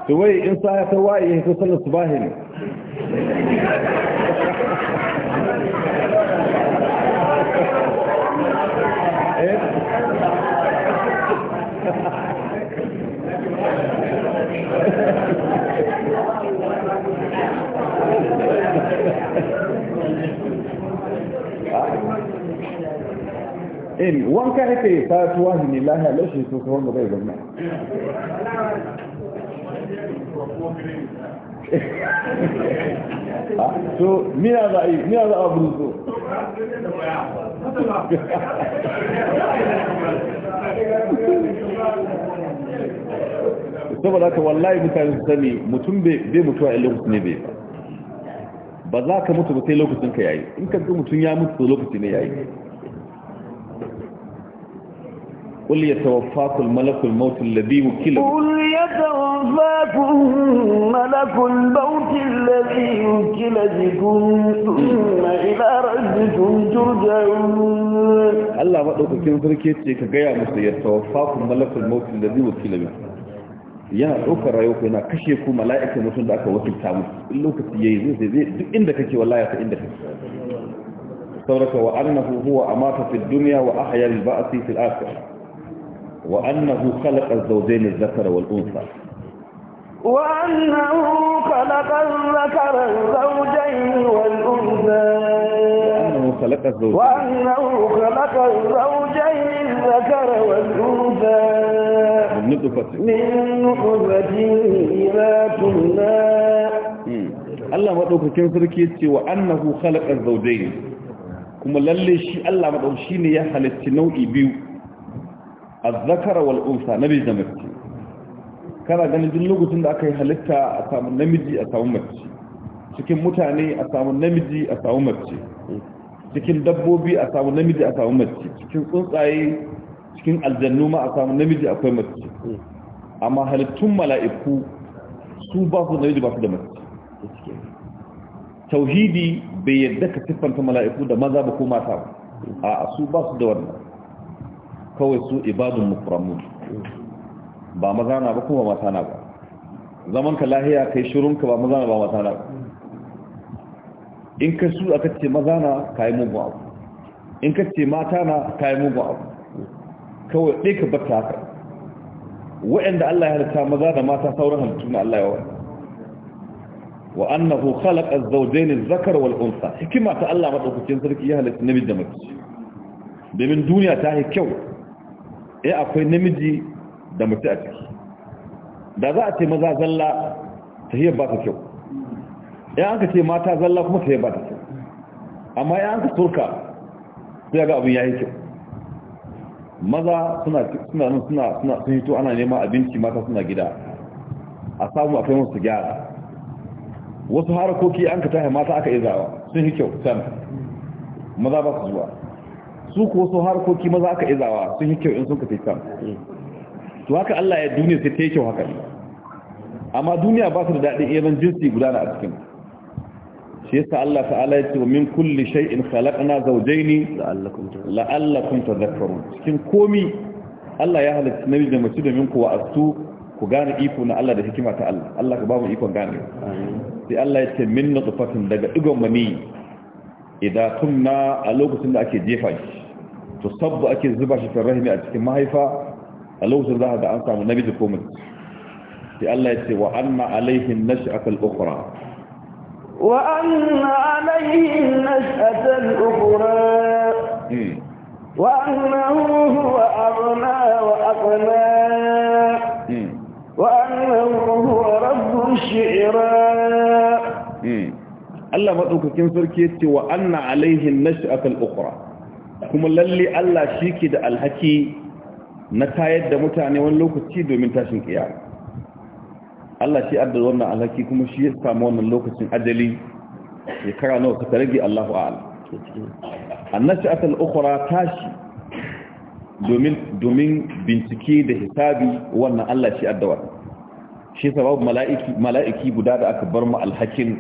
to wai in sa ta waye ya fito sallar su subahi ne in wanka yake ta tuwa shi ne lahiya lashe su su wanda zai zama *laughs* ah, so mina za a yi mina za a so. *laughs* saboda haka wallahi mutane su sani mutum bai mutuwa in lokacin ne bai ba ba za ka mutu ba sai lokacin ka yayi in ka ga mutum ya mutu lokacin ne yayi قل يتوفاكم ملك الموت الذي وكل قل يتوفاكم ملك الموت الذي وكل بكم ثم إلى ربكم ترجعون الله مدوك كن سركي يتي كغايا مسو يتوفاكم ملك الموت الذي وكل بكم yana ɗaukar rayuwa yana kashe ku mala'ikan mutum da aka wakilta musu in lokaci ya yi zai zai duk inda kake wallahi ta inda kake sauraka wa annahu huwa amata fi dunya wa ahya al ba'thi fil akhirah وأنه خلق الزوجين الذكر والأنثى وأنه خلق الذكر الزوجين والأنثى وأنه خلق الزوجين وأنه خلق الزوجين الذكر والأنثى من نطفة من نطفة إلى تمنى Allah maɗaukakin sarki ya ce wa annahu khalaqa zawjayn kuma lalle shi Allah maɗaukakin shine ya halitta nau'i biyu azzakara wal unsa namiji da mace kana ganin duk lokacin da aka yi halitta a samu namiji a samu mace cikin mutane a samu namiji a samu mace cikin dabbobi a samu namiji a samu mace cikin tsuntsaye cikin aljannu ma a samu namiji akwai mace amma halittun mala'iku su ba su namiji ba su da mace tauhidi bai yadda ka siffanta mala'iku da maza ba ko mata ba a su ba su da wannan kawai su ibadun mukramun ba maza na ba kuma mata na ba zaman ka lahiya kai shirunka ba maza na ba mata na ba in ka su aka ce maza na kayi mugun abu in ka ce mata na kayi mugun abu kawai ɗai ka bata haka waɗanda Allah ya halitta maza da mata sauran halittu na Allah ya wa wa annahu khalaqa az-zawjayn az-zakar wal unsa hikima ta Allah madaukakin sarki ya halitta namiji da mace domin duniya ta yi kyau eh akwai namiji da mutu a ciki da za a ce maza zalla ta tahiyar ba ta kyau ya an ka ce mata zalla kuma ta tahiyar ba ta kyau amma ya an ka turka sai ga abin ya yi kyau maza suna nan suna suna sun hito ana neman abinci mata suna gida a samu a masu gyara wasu harakoki an ka tahe mata aka izawa sun yi kyau sana maza ba su zuwa su ko so harkoki maza aka izawa sun yi kyau in suka fita to haka Allah ya duniya sai ta yi kyau haka amma duniya ba su da daɗi irin jinsi gudana a cikin shi yasa Allah ta'ala ya ce min kulli shay'in khalaqna zawjayni la'allakum tadhakkarun cikin komi Allah ya halitta nabi da mace domin ku wa'astu ku gane iko na Allah da hikima ta Allah Allah ka ba mu ikon gane sai Allah ya ce min nutfatin daga digon mani idan tunna a lokacin da ake jefa shi to sabbu ake zuba shi kan rahimi a cikin mahaifa a lokacin za ga an samu namiji ko mace sai Allah ya ce wa anna alaihim nash'atal ukhra wa anna alaihim nash'atal ukhra wa annahu huwa aghna wa aqna wa annahu huwa rabbul shi'ra Allah madaukakin sarki yace wa anna alaihim nash'atal ukhra kuma lalle Allah shi ke da alhaki na tayar da mutane wani lokaci domin tashin ƙiya. Allah shi adda wannan alhaki kuma shi ya samu wannan lokacin ajali ya kara nawa ka rage Allahu a'ala annashi atal ukhra tashi domin domin bincike da hisabi wannan Allah shi adda wannan shi sababu mala'iki mala'iki guda da aka bar mu alhakin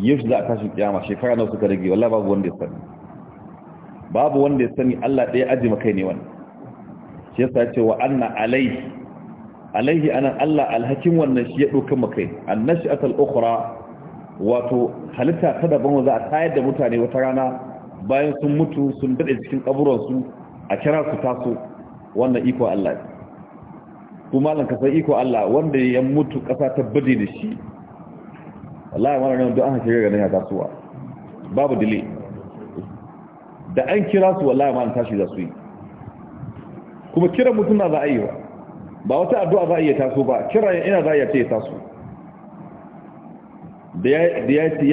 yau za a tashin kiyama shekara nawa suka rage wallahi babu wanda ya sani babu wanda ya sani Allah ɗaya aji makai ne wani shi yasa ce wa anna alaihi alaihi anan Allah alhakin wannan shi ya ɗaukan makai annashi atal ukhra wato halitta ta daban za a tayar da mutane wata rana bayan sun mutu sun daɗe cikin kaburansu a kira su taso wannan iko Allah ne malam kasai iko Allah wanda ya mutu ƙasa ta bade da shi wallahi wannan nan duk an hakira ga ne ya tasowa babu dalili da an kira su wallahi ma tashi za su yi kuma kira mutum na za a yi ba ba wata addu'a za a iya taso ba kira ina za a iya ce ya taso da ya ce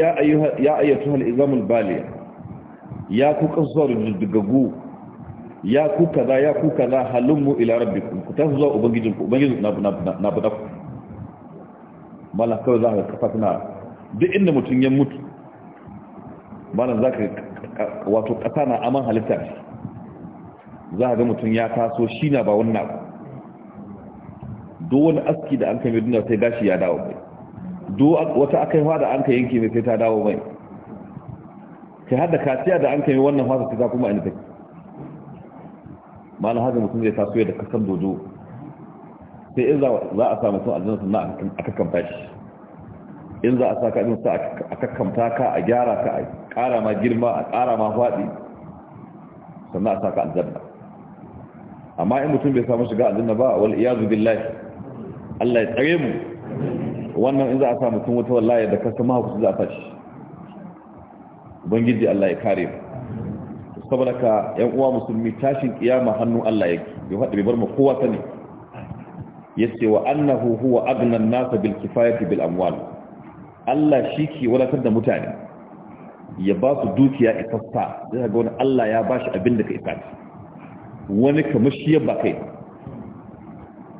ya ayyatu izamul baliya ya ku kasuwar diddigagu ya ku kaza ya ku kaza halummu ila rabbikum ku taso zuwa ubangijin ku ubangijin na na ku. mala kawai za ka kafa tana duk inda mutum ya mutu malam za ka wato ƙasa na aman halitta ne za a ga mutum ya taso shi na ba wannan do wani aski da an kai duniya sai gashi ya dawo mai do wata akaiwa da an kai yanke mai sai ta dawo mai kai hada kaciya da an kai wannan fasa ta kuma inda take ma'ana haka mutum zai taso ya da kasan dodo sai in za a samu sun aljanna sannan aka kamfashi in za a sa kaɗin sa a kakkamta ka a gyara ka a ƙara ma girma a ƙara ma faɗi sannan a sa ka aljanna amma in mutum bai samu shiga aljanna ba wal iyazu billahi Allah ya tsare mu wannan in za a sa mutum wata wallahi da kasa mahaukaci za a sa shi ubangiji Allah ya kare mu saboda ka yan uwa musulmi tashin kiyama hannu Allah yake bai faɗi bai bar mu kowa sani yace wa annahu huwa agna an-nas bil kifayati bil amwal Allah shi ke wadatar da mutane ya ba su dukiya isassa zai ga wani Allah ya ba shi abin da ka isa wani kamar shi ba kai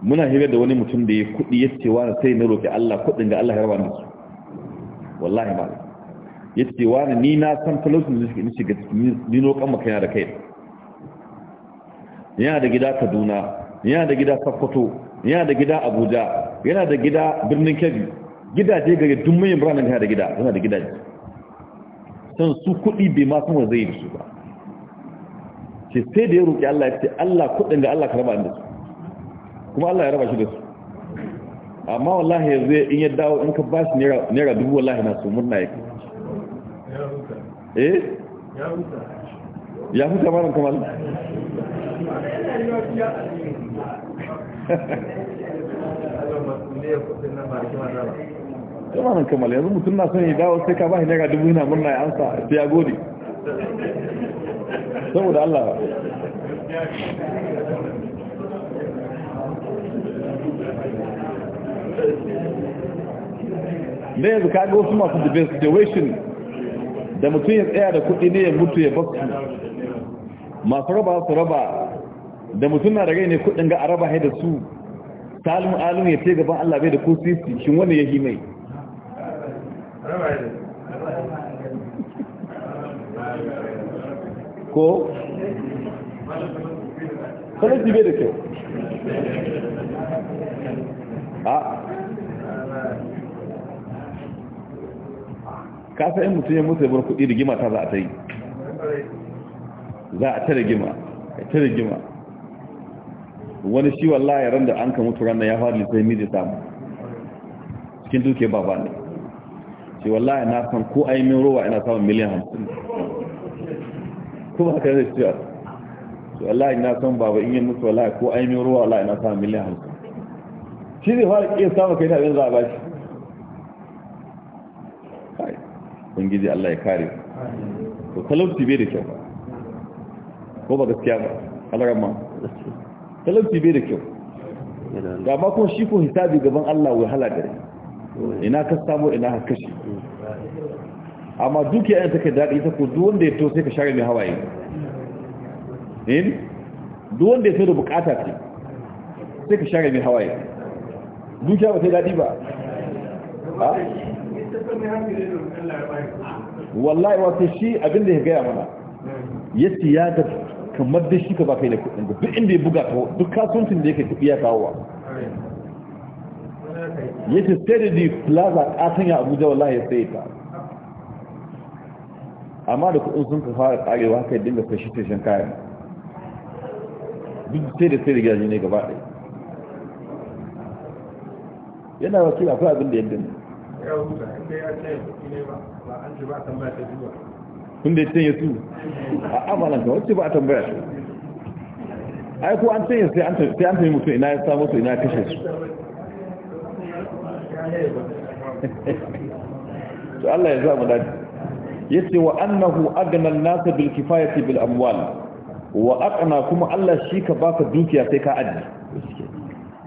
muna hira da wani mutum da ya kudi ya cewa wani sai na roƙi Allah kudin ga Allah ya raba musu wallahi ma ya cewa wani ni na san talosin da suke shiga ni roƙon makana da kai yana da gida kaduna yana da gida sakkwato yana da gida abuja yana da gida birnin kebbi gidaje gari duk manyan biranen jiha da gida suna da gidaje san su kuɗi bai ma kuma zai da su ba ce sai da ya roƙi Allah ya ce Allah kuɗin da Allah karba inda su kuma Allah ya raba shi da su amma wallahi yanzu in ya dawo in ka ba shi naira dubu wallahi na su murna ya eh ya huta ya huta ma ya kuma yana nan kamar yanzu mutum na son ya dawo sai ka ba shi naira dubu yana murna ya ansa sai ya gode saboda Allah da yanzu ka ga wasu masu devastation da mutum ya tsaya da kuɗi ne ya mutu ya bakku masu raba su raba da mutum na da rai ne kuɗin ga a haida su talimu alun ya ce gaban Allah bai da ko sisi wani ya himai ko salafi bai da kyau a kasa yin mutum ya mutu yabar kudi gima ta za a ta yi za a ta gima a ta gima wani shi wallaye randa da an ka mutu ran ya faru sai miji samu cikin duke babanin ce wallahi na san ko ai min rowa ina samun miliyan hamsin kuma haka zai ce to wallahi na san baba in yi musu wallahi ko ai min rowa wallahi ina samun miliyan hamsin shi zai fara iya samun kai da abin za a bashi kai ubangiji Allah ya kare to talauci bai da kyau ko ba gaskiya ba Allah ma talauci bai da kyau ga ba kuma shi ko hisabi gaban Allah wahala gare ina ka samu ina ka kashe amma dukiya yana take daɗi ta ku duk wanda ya to sai ka share mai hawaye in duk wanda ya so da bukata ce sai ka share mai hawaye dukiya ba sai daɗi ba wallahi wato shi abinda ya gaya mana ya ga kamar da shi ka ba kai da kuɗin duk inda ya buga ta duk kasuwancin da yake kudi ya kawowa yace sai da di plaza katan ya abuja wallahi ya sai ta amma da kudin sun ka fara karewa haka dinga kashi tashin kayan duk sai da sai da gidaje ne gaba ɗaya yana wasu akwai abin da yadda ne kun da ya canye su a amalan ka wacce ba a tambaya su ai ko an canye sai an tanyi mutu ina ya samu su ina ya kashe su *laughs* to Allah ya za mu dace yace wa annahu agna an-nas bil kifayati bil amwal wa aqna kuma Allah shi ka baka dukiya sai ka aji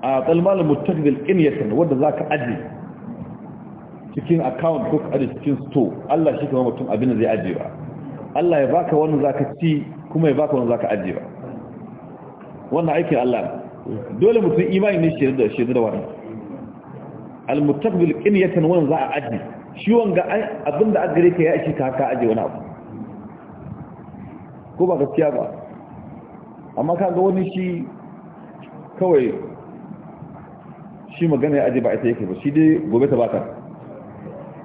a qalmal mustaqbil qiniyatan wanda zaka aji cikin account ko aji cikin store Allah shi ka mutum abin da zai aji ba Allah ya baka wannan zaka ci kuma ya baka wannan zaka aji ba wannan aikin Allah dole mutum imani ne shi da shi da wannan al mustaqbil qiniyatan wannan za a aji shi wanga abin da agare ka ya ishi ka ka aje wani abu ko ba gaskiya ba amma ka ga wani shi kawai shi magana ya aje ba ita yake ba shi dai gobe ta baka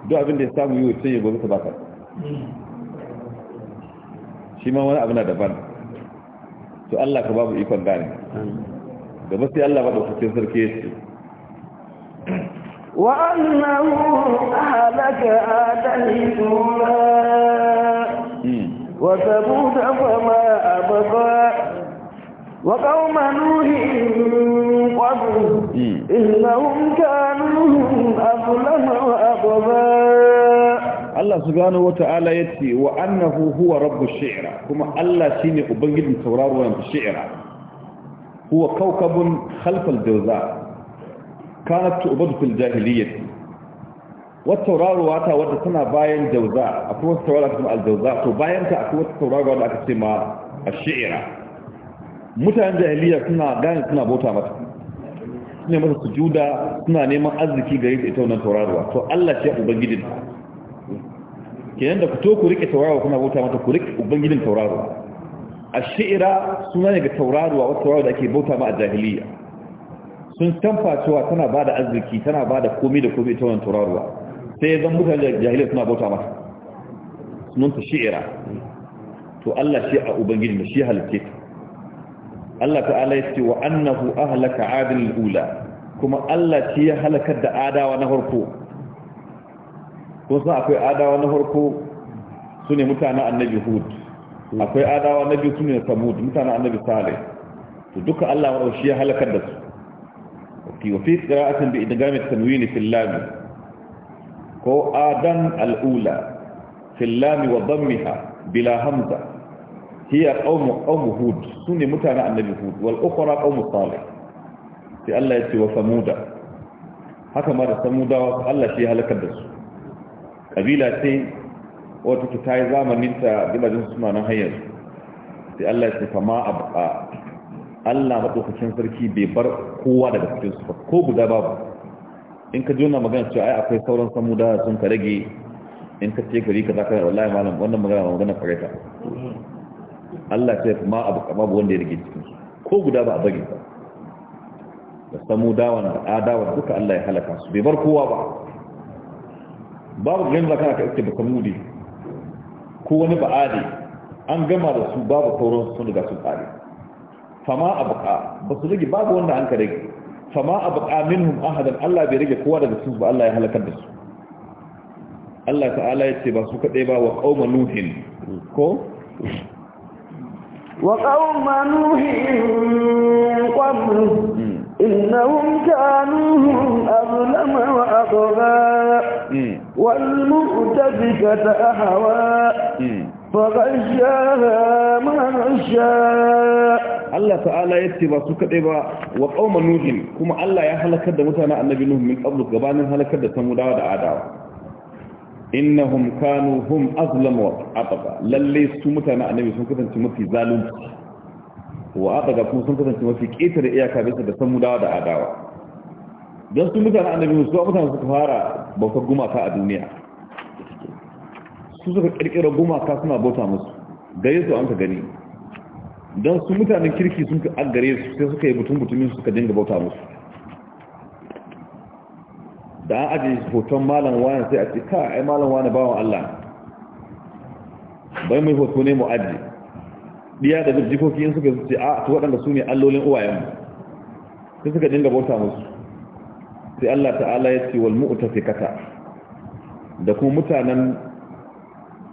duk abin da ya samu yi sai ya gobe ta baka shi ma wani abu na daban to Allah ka babu ikon gane ba sai Allah ba da sarki ya وأنه أهلك آدا الأولى وثمود فما أبقى وقوم نوح من قبل إنهم كانوا هم أظلم وأبقى Allah subhanahu wata'ala yace wa annahu huwa rabbu shi'ra kuma Allah shine ubangijin tauraruwan shi'ra huwa kawkabun khalfal jawza kanat tu'badu fil jahiliyyah wata tauraruwa ta wadda tana bayan jauza akwai wata tauraruwa ta kuma aljauza to bayan ta akwai wata tauraruwa da aka ce ma ashira mutanen jahiliya suna gane suna bauta mata suna mata sujuda suna neman arziki gare ta ita wannan tauraruwa to Allah ce ubangijin kenan da ku to ku rike tauraruwa kuna bauta mata ku rike ubangijin tauraruwa ashira suna ne ga tauraruwa wata tauraruwa da ake bauta ma a jahiliya sun tamfa cewa tana ba da arziki tana ba da komi da komi ta wani turaruwa sai zan mutane jahiliya suna bauta mata sunan ta shi'ira to Allah shi a ubangiji mai shi halitta Allah ta'ala ya ce wa annahu ahlaka adil ula kuma Allah shi ya halakar da adawa na farko kun san akwai adawa na farko su ne mutanen annabi hud akwai adawa na biyu su ne samud mutanen annabi salih to duka Allah shi ya halakar da su وفي قراءة بإدغام التنوين في اللام كو آدم الأولى في اللام وضمها بلا همزة هي قوم قوم هود سنة متعنى النبي هود والأخرى قوم صالح في الله يتي وثمود haka ma da samudawa Allah shi halakar da su kabila ce wata ta yi zamanin ta gidajen suna nan hanyar sai Allah ya ce fama abqa Allah maɗaukacin sarki bai bar kowa daga cikin su ko guda babu in ka jona magana cewa ai akwai sauran samu da sun ka rage in ka ce gari ka zaka wallahi malam wannan magana ba magana fareta Allah ce ma abu kama bu wanda ya rage cikin su ko guda ba a bari ba da samu dawan da adawa duka Allah ya halaka su bai bar kowa ba babu ganin zaka ka iske da kamudi ko wani ba'adi an gama da su babu sauran sun daga sun tsari. fama abuka ba su rage babu wanda an ka rage fama abuka minhum ahadan Allah bai rage kowa daga su ba Allah ya halakar da su Allah ta'ala ya ce ba su kaɗai ba wa qauma nuhin ko wa qauma nuhin qablu hmm. innahum kanu azlama wa aqwa hmm. wal mu'tadika ahwa hmm. فغشاها ما غشاها Allah ta'ala ya ce ba su kaɗai ba wa ƙauma nuhin kuma Allah ya halakar da mutane annabi nuhu min qablu gabanin halakar da samudawa da adawa Inna hum kanu hum azlam wa ataqa lalle su mutane annabi sun kasance mafi zalunci wa ataqa kuma sun kasance mafi ƙetare iyaka bisa da samudawa da adawa don su mutane annabi su mutane suka fara bautar gumaka a duniya su suka kirkira gumaka suna bauta musu gare su an ka gani don su mutanen kirki sun ka gare su sai suka yi mutum mutumin suka dinga bauta musu da an ajiye hoton malam wani sai a ce ka ai malam wani bawan Allah bai mai hoto ne mu ajiye biya da jikoki in suka ce a su waɗanda su ne allolin uwayen sai suka dinga bauta musu sai Allah ta'ala ya ce wal mu'tafikata da kuma mutanen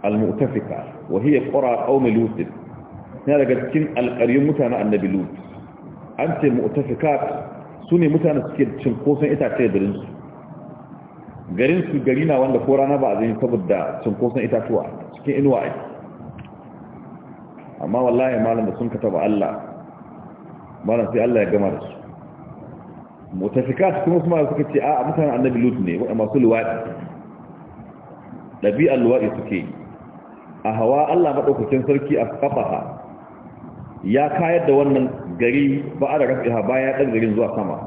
al-mu'tafika wa hiya qura qaum lut na daga cikin alƙaryun mutanen annabi lut an ce mu'tafika sune mutanen suke cin kosan itace garin su garin su gari na wanda ko rana ba a zai saboda cin kosan itatuwa cikin inuwa ai amma wallahi malam da sun kataba Allah malam sai Allah ya gama da su mutafikat suka ce mutanen annabi ne masu luwaɗi luwaɗi suke yi a hawa Allah maɗaukacin sarki a kafaha ya kayar da wannan gari ba a da ha baya ɗan garin zuwa sama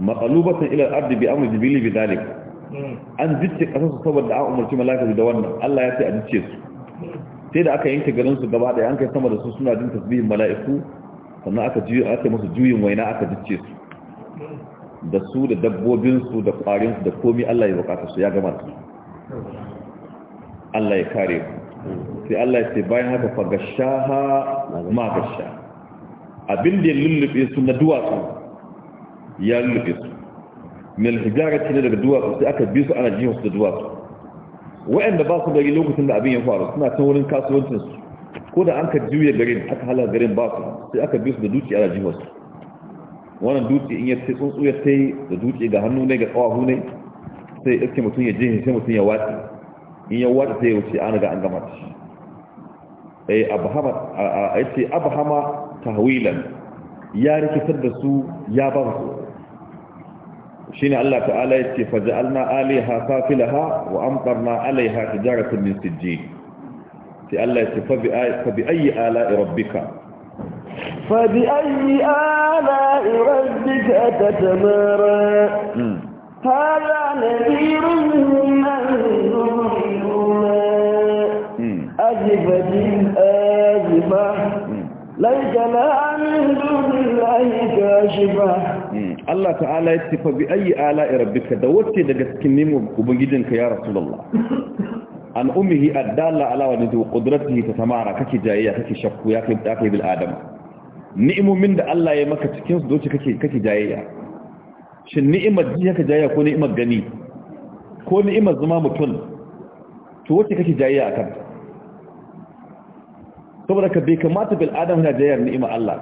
matsalubatan ilar ardi bi amur jibili bi dalib an jicce ƙasarsu saboda an umarci malaka da wannan Allah ya sai a jicce su sai da aka yanke garinsu gaba ɗaya an kai sama da su suna jin tasbihin mala'iku sannan aka juyi aka musu juyin waina aka jicce su da su da dabbobinsu da ƙwarinsu da komi Allah ya bukata su ya gama su Allah ya kare ku sai Allah ya ce bayan haka fa gashaha ma gasha abin da ya lullube su na duwatsu ya lullube su mai hijara ne daga duwatsu sai aka bi su ana jihar su da duwatsu wa'anda ba su gari lokacin da abin ya faru suna ta wurin kasuwancin su ko da an ka juya garin aka halar garin ba su sai aka bi su da dutse ana jihar su wannan dutse in ya sai tsuntsu ya sai da dutse ga hannu ne ga tsawahu ne sai iske mutum ya je sai mutum ya watsi in ya wata sai wuce an ga an gama shi eh abhama a yace abhama tahwilan ya rikitar da su ya ba su shine Allah ta'ala ya ce yace faj'alna alaiha safilaha wa amtarna alaiha tijaratan min sijjin sai Allah yace fa bi ayi ala'i rabbika فبأي آلاء ربك تتمارى هذا نذير من النذر آزفة آزفة ليس لها من دون الله كاشفة Allah ta'ala ya tafa bi ayi ala rabbika da wacce daga cikin neman ubangijinka ya rasulullah an ummihi addalla ala wa nidu qudratihi ta tamara kake jayayya kake shakku ya kai da kai bil adam ni'imomin da Allah ya maka cikin su doce kake kake jayayya shin ni'imar ji kake jayayya ko ni'imar gani ko ni'imar zama mutum to wacce kake jayayya akan ta saboda ka bai kamata bil adam na jayar ni'ima Allah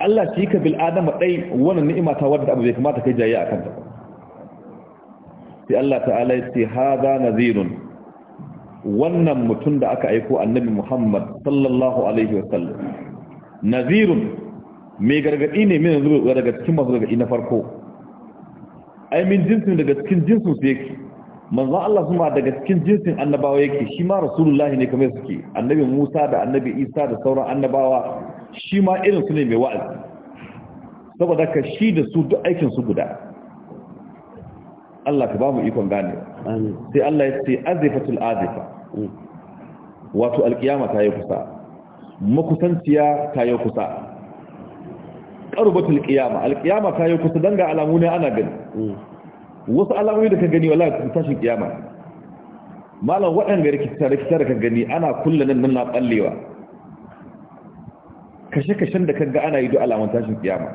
Allah shi ka bil adam dai wannan ni'ima ta wadda abu bai kamata kai jayya akan ta sai Allah ta'ala ya ce hadha nazirun wannan mutum da aka aiko annabi Muhammad sallallahu alaihi wa sallam nazirun mai gargadi ne mai daga cikin masu gargadi na farko ai min jinsin daga cikin jinsin su yake manzon Allah kuma daga cikin jinsin annabawa yake shi ma rasulullahi ne kamar suke annabi Musa da annabi Isa da sauran annabawa shi ma irin su ne mai wa'azi saboda ka shi da su duk aikin su guda Allah ka ba mu ikon gane sai Allah ya ce azifatul azifa mm. wato alkiyama ta yi kusa makusanciya ta yi kusa qarubatul qiyama alkiyama ta yi kusa danga ga alamu ne ana gani mm. wasu alamomi da ka gani wala ka tashin kiyama malam waɗanda rikita rikita da ka gani ana kulla nan nan na tsallewa kashe-kashen da kaga ana yi duk alamun tashin kiyama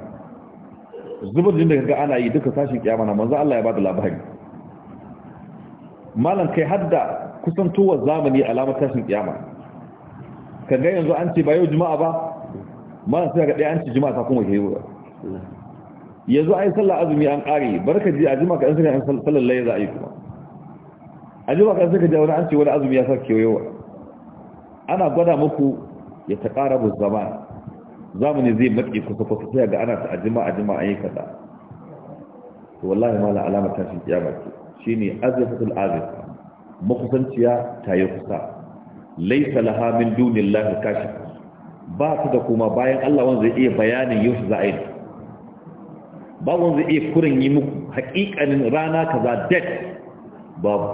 zubar jin da kaga ana yi duka tashin kiyama na manzo Allah ya bada labari malam kai hadda kusan kusantowar zamani alamar tashin kiyama kaga yanzu an ce ba yau juma'a ba malam sai ga ɗaya an ce juma'a ta kuma ke yi yanzu ai sallah azumi an kare barka ji ajima ka an sani an sallar laye za a yi kuma ajima ka an saka ji wani an ce wani azumi ya sarki yawa ana gwada muku ya ta ƙara bu zama zamani zai matse kusa kusa sai ga ana ta ajima ajima an yi kaza to wallahi ma la alama tashin kiyama ce shine azifatul azifa makusanciya ta yi kusa laisa laha min dunillahi kashif ba ta da kuma bayan Allah wanda zai iya bayanin yau za a yi babu zai iya kurin yi muku haƙiƙanin rana ka za det babu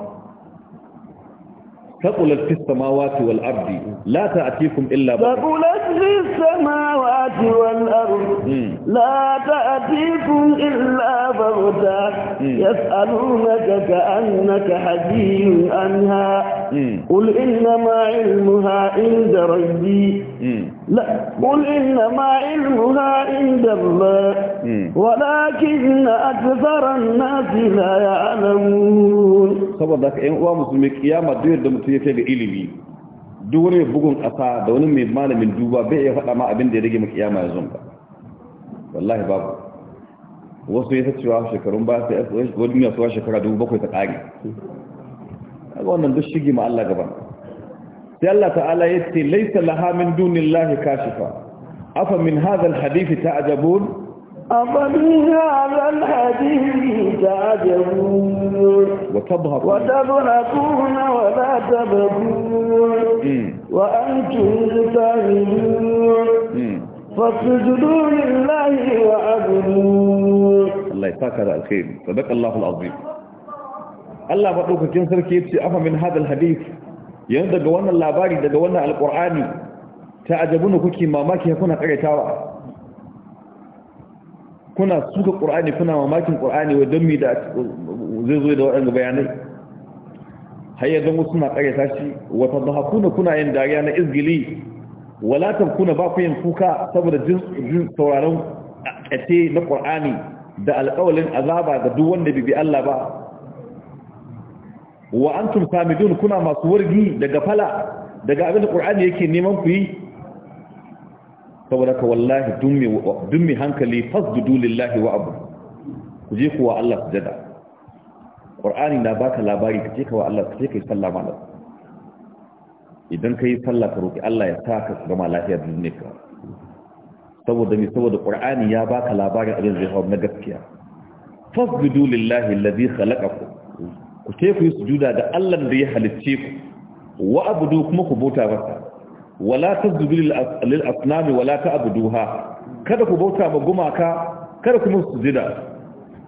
taɓular fi samawa fi wal'ardi la ta a cikin illa ba السماوات والأرض لا تأتيكم إلا بغتة يسألونك كأنك حزي عنها قل إنما علمها عند ربي لا قل إنما علمها عند الله ولكن أكثر الناس لا يعلمون saboda haka ƴan uwa musulmi kiyama duk da mutum ya kai ga ilimi duk wani mai bugun ƙasa da wani mai malamin duba bai iya faɗa ma abin da ya rage maka iyama ya zunka wallahi babu wasu ya cewa shekarun ba sai wani mai suwa shekara dubu bakwai ta a wannan duk shige ma Allah gaban sai Allah ta'ala ya ce laisa laha min dunillahi kashifa afa min hadha ta ta'jabun أفبهذا الحديث تعجبون وتضحكون ولا تبكون وأنتم سامدون فاسجدوا لله وعبدوا الله يساك هذا الخير صدق الله العظيم Allah maɗaukakin sarki ya ce afa min hadal hadith yanzu daga wannan labari daga wannan alƙur'ani ta ajabuna kuke mamaki kuna ƙaretawa kuna suka ƙur'ani kuna mamakin ƙur'ani wa don mi da zai zo da waɗanda bayanai har wasu na suna ta shi wata hakuna kuna yin dariya na izgili walatar kuna ba ku yin kuka saboda jin sauraron ƙace na ƙur'ani da alƙawalin azaba ga duk wanda bibi Allah ba wa antum samidun kuna masu wargi daga fala daga abin da ƙur'ani yake neman ku yi saboda ka wallahi dummi mai hankali fasdudu lillahi wa abu ku je kuwa Allah su jada ƙwar'ani na baka labari ka je kawa Allah ka je ka yi sallah malam idan ka yi sallah ka roƙi Allah ya sa ka gama lafiya da ne ka saboda mai saboda ƙwar'ani ya baka labarin abin zai hau na gaskiya fasdudu lillahi lazi khalaqakum ku Ku ce ku yi sujuda da Allah da ya halicce ku wa abudu kuma ku bauta masa wala tazbilu lil asnam wala ta'buduha kada ku bauta ma gumaka kada ku musu zida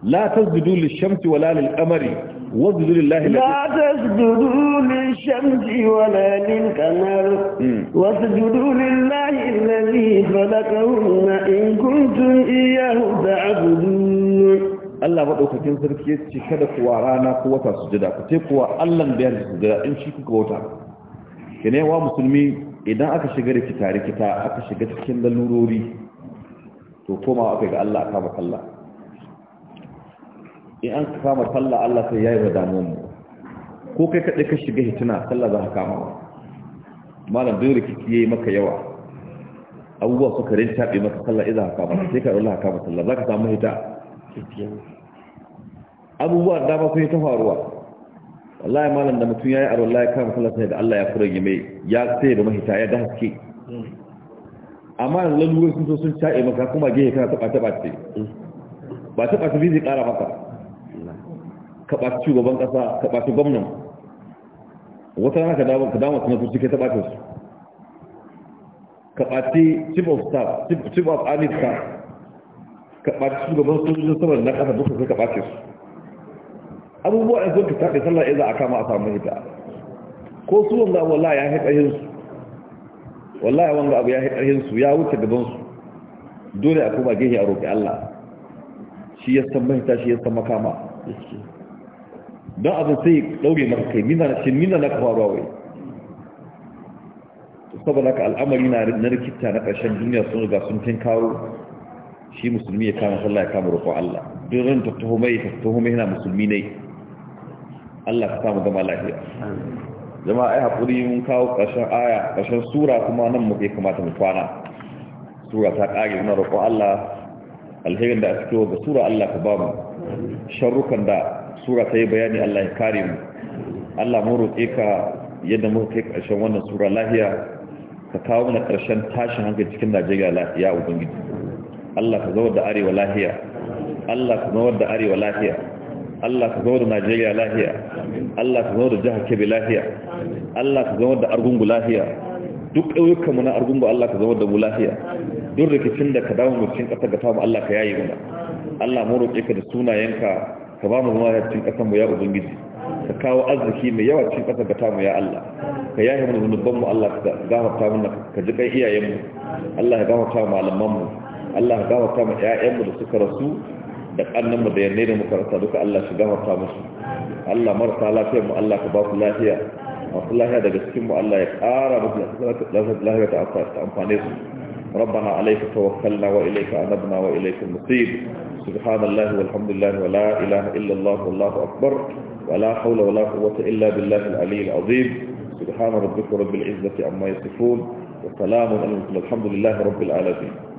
la tazbidu lil shamsi wala lil qamari واسجدوا لله لا تسجدوا للشمس ولا للقمر واسجدوا لله الذي خلقهن إن كنتم إياه تعبدون Allah maɗaukakin sarki ya ce kada kuwa rana ko wata sujada ku ce kuwa Allah da yarda sujada in shi kuka wata kene wa musulmi idan aka shiga rikita rikita aka shiga cikin lalurori to koma aka ga Allah a kama kalla in an kama kalla Allah sai ya yi wa damuwan mu ko kai kadai ka shiga hituna kalla za ka kama wa malam dole rikici yi maka yawa abubuwa suka rin taɓe maka kalla idan ka kama sai ka ɗaula ka kama kalla za ka samu hita abubuwa dama sun yi ta faruwa wallahi malam da mutum yayi arwala ya kama sallah da Allah ya kura mai ya sai da mahita ya da haske amma lalurai sun so sun tsaye maka kuma gehe kana taba taba ce ba taba ce bizi kara maka ka ba shugaban kasa ka ba gwamnan wata rana ka dawo ka dawo kuma su cike taba su ka ba chief of staff chief of army staff ka ba shugaban sojojin sama na kasa duka sai ka ba su abubuwa in sun ka taɗe sallah iza a kama a samu hita ko su wanga wallahi ya yin su wallahi wanga abu ya yin su ya wuce gaban su dole a kuma gehe a roƙi Allah shi ya san mahita shi ya san makama don abin sai ɗauke maka kai mina shi mina na kafaruwa wai saboda ka al'amari na rikita na ƙarshen duniya sun riga sun tinkaro shi musulmi ya kama sallah ya kama roƙo Allah duk ran tattaho mai tattaho mai yana musulmi ne Allah ka samu zama lafiya jama'a ai haƙuri mun kawo ƙarshen aya ƙarshen sura kuma nan muke kamata mu kwana sura ta ƙare muna roƙon Allah alherin da a cikin ga sura Allah ka ba mu sharrukan da sura ta yi bayani Allah ya kare mu Allah mun roƙe ka yadda muka kai ƙarshen wannan sura lafiya ka kawo mana ƙarshen tashin hankali cikin Najeriya lafiya ubangiji Allah ka zama da arewa lafiya Allah ka zama da arewa lafiya Allah ka zama da Najeriya lahiya. Allah ka zama da jihar Kebbi lahiya. Allah ka zama da Argungu lahiya. duk ƙauyukanmu na Argungu Allah ka zama da mu lahiya. duk rikicin da ka dawo mutum ƙasar ga tamu Allah ka yayi mana Allah mu roƙe ka da sunayenka ka ba mu zama cikin ƙasar mu ya ubangiji ka kawo arziki mai yawa cikin ƙasar ga tamu ya Allah ka yaye mana zunuban mu Allah ka gafarta mana ka ji kai iyayen mu Allah ya gafarta mu malaman mu Allah ya gafarta mu ƴaƴan mu da suka rasu da kannan mu da yanne da makaranta duka Allah shi gafarta musu Allah marasa lafiya mu Allah ka ba ku lafiya masu lafiya daga cikin mu Allah ya ƙara musu lafiya ta amfane su ربنا عليك توكلنا وإليك أنبنا وإليك المصير سبحان الله والحمد لله ولا إله إلا الله والله أكبر ولا حول ولا قوة إلا بالله العلي العظيم سبحان ربك رب العزة عما يصفون وسلام عليكم الحمد لله رب العالمين